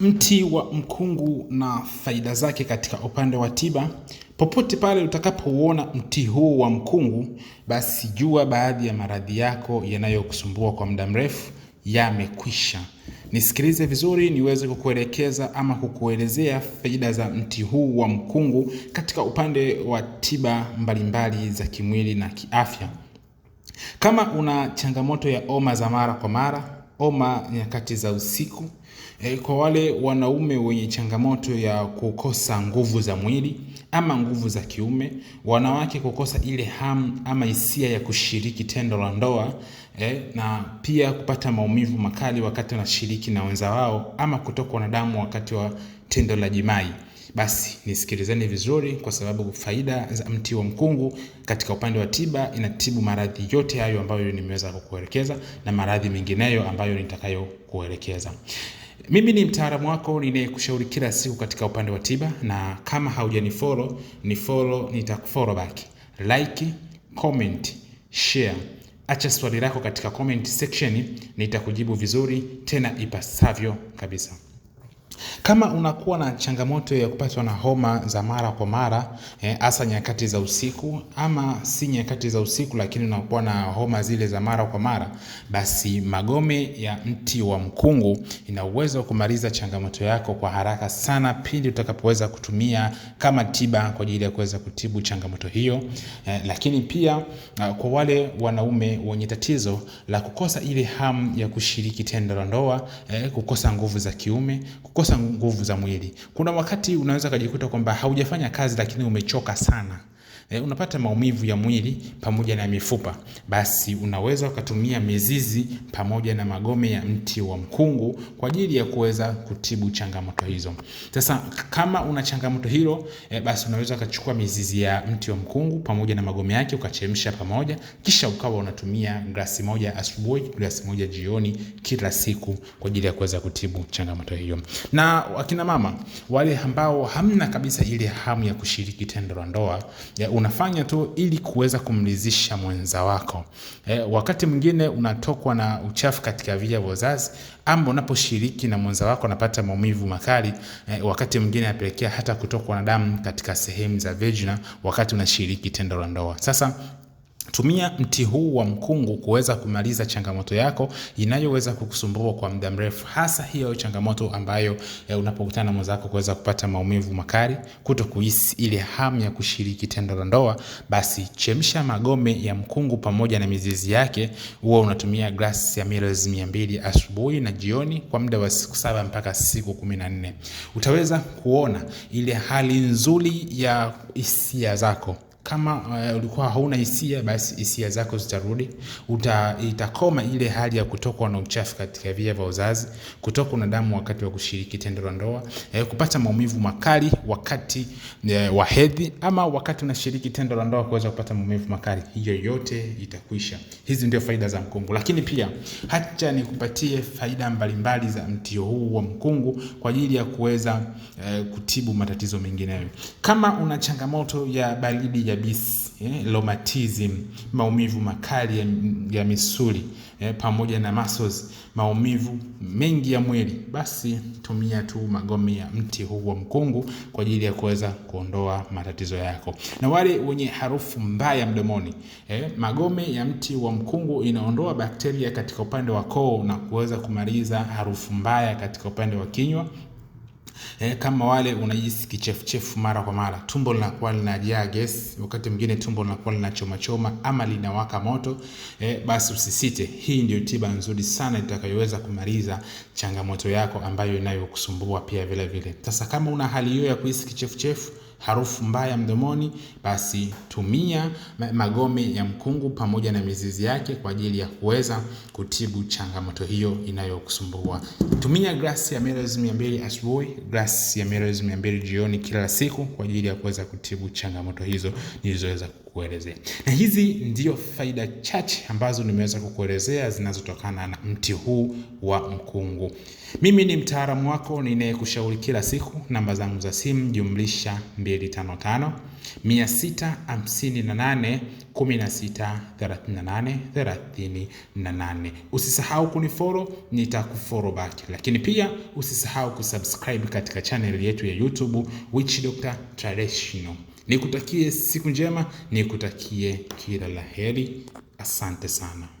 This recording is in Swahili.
Mti wa mkungu na faida zake katika upande wa tiba. Popote pale utakapouona mti huu wa mkungu, basi jua baadhi ya maradhi yako yanayokusumbua kwa muda mrefu yamekwisha. Nisikilize vizuri niweze kukuelekeza ama kukuelezea faida za mti huu wa mkungu katika upande wa tiba mbalimbali mbali za kimwili na kiafya. Kama una changamoto ya homa za mara kwa mara homa nyakati za usiku. E, kwa wale wanaume wenye changamoto ya kukosa nguvu za mwili ama nguvu za kiume, wanawake kukosa ile hamu ama hisia ya kushiriki tendo la ndoa e, na pia kupata maumivu makali wakati wanashiriki na wenza wao ama kutokwa na damu wakati wa tendo la jimai basi nisikilizeni vizuri, kwa sababu faida za mti wa mkungu katika upande wa tiba, inatibu maradhi yote hayo ambayo nimeweza kukuelekeza na maradhi mengineyo ambayo nitakayokuelekeza. Mimi ni mtaalamu wako ninayekushauri kila siku katika upande wa tiba, na kama haujanifollow ni follow, nitakufollow back. Like, comment, share. Acha swali lako katika comment section, nitakujibu vizuri tena ipasavyo kabisa. Kama unakuwa na changamoto ya kupatwa na homa za mara kwa mara, eh, hasa eh, nyakati za usiku ama si nyakati za usiku, lakini unakuwa na homa zile za mara kwa mara, basi magome ya mti wa mkungu ina uwezo wa kumaliza changamoto yako kwa haraka sana pindi utakapoweza kutumia kama tiba kwa ajili ya kuweza kutibu changamoto hiyo. Eh, lakini pia uh, kwa wale wanaume wenye tatizo la kukosa ile hamu ya kushiriki tendo la ndoa, eh, kukosa nguvu za kiume, kukosa kukosa nguvu za mwili. Kuna wakati unaweza kujikuta kwamba haujafanya kazi lakini umechoka sana e, unapata maumivu ya mwili pamoja na mifupa, basi unaweza ukatumia mizizi pamoja na magome ya mti wa mkungu kwa ajili ya kuweza kutibu changamoto hizo. Sasa kama una changamoto hilo e, basi unaweza ukachukua mizizi ya mti wa mkungu pamoja na magome yake ukachemsha pamoja, kisha ukawa unatumia glasi moja asubuhi, glasi moja jioni kila siku kwa ajili ya kuweza kutibu changamoto hiyo. Na akina mama wale ambao hamna kabisa ile hamu ya kushiriki tendo la ndoa unafanya tu ili kuweza kumridhisha mwenza wako. E, wakati mwingine unatokwa na uchafu katika via vya uzazi ama unaposhiriki na mwenza wako unapata maumivu makali. E, wakati mwingine anapelekea hata kutokwa na damu katika sehemu za vagina wakati unashiriki tendo la ndoa. Sasa Tumia mti huu wa mkungu kuweza kumaliza changamoto yako inayoweza kukusumbua kwa muda mrefu, hasa hiyo changamoto ambayo eh, unapokutana na mwenzako kuweza kupata maumivu makali, kuto kuhisi ile hamu ya kushiriki tendo la ndoa. Basi chemsha magome ya mkungu pamoja na mizizi yake, huwa unatumia glasi ya mililita mia mbili asubuhi na jioni kwa muda wa siku saba mpaka siku kumi na nne. Utaweza kuona ile hali nzuri ya hisia zako kama uh, ulikuwa hauna hisia, basi hisia zako zitarudi, itakoma ile hali ya kutokwa na uchafu katika via vya uzazi, kutokwa na damu wakati wa kushiriki tendo la ndoa, eh, kupata maumivu makali wakati eh, wa hedhi ama wakati unashiriki tendo la ndoa kuweza kupata maumivu makali. Hiyo yote itakwisha. Hizi ndio faida za mkungu, lakini pia hacha nikupatie faida mbalimbali za mtio huu wa mkungu kwa ajili ya kuweza eh, kutibu matatizo mengineyo. Kama una changamoto ya baridi ya diabetes eh, lomatism maumivu makali ya, ya misuli eh, pamoja na muscles, maumivu mengi ya mwili, basi tumia tu magome ya mti huu wa mkungu kwa ajili ya kuweza kuondoa matatizo yako. Na wale wenye harufu mbaya mdomoni eh, magome ya mti wa mkungu inaondoa bakteria katika upande wa koo na kuweza kumaliza harufu mbaya katika upande wa kinywa E, kama wale unajisi kichefuchefu mara kwa mara, tumbo linakuwa linajaa gesi, wakati mwingine tumbo linakuwa linachoma choma ama linawaka moto e, basi usisite. Hii ndio tiba nzuri sana itakayoweza kumaliza changamoto yako ambayo inayokusumbua pia vile vile. Sasa kama una hali hiyo ya kuhisi kichefuchefu harufu mbaya mdomoni, basi tumia magome ya mkungu pamoja na mizizi yake kwa ajili ya kuweza kutibu changamoto hiyo inayokusumbua. Tumia glasi ya mililita 200 asubuhi, glasi ya mililita 200 jioni kila siku kwa ajili ya kuweza kutibu changamoto hizo nilizoweza kuelezea. Na hizi ndio faida chache ambazo nimeweza kukuelezea zinazotokana na mti huu wa mkungu. Mimi ni mtaalamu wako ninayekushauri kila siku. Namba zangu za simu jumlisha 255 658 16 38 38. Usisahau kunifollow, nitakufollow back, lakini pia usisahau kusubscribe katika channel yetu ya YouTube which Doctor Traditional. Nikutakie siku njema, nikutakie kila la heri. Asante sana.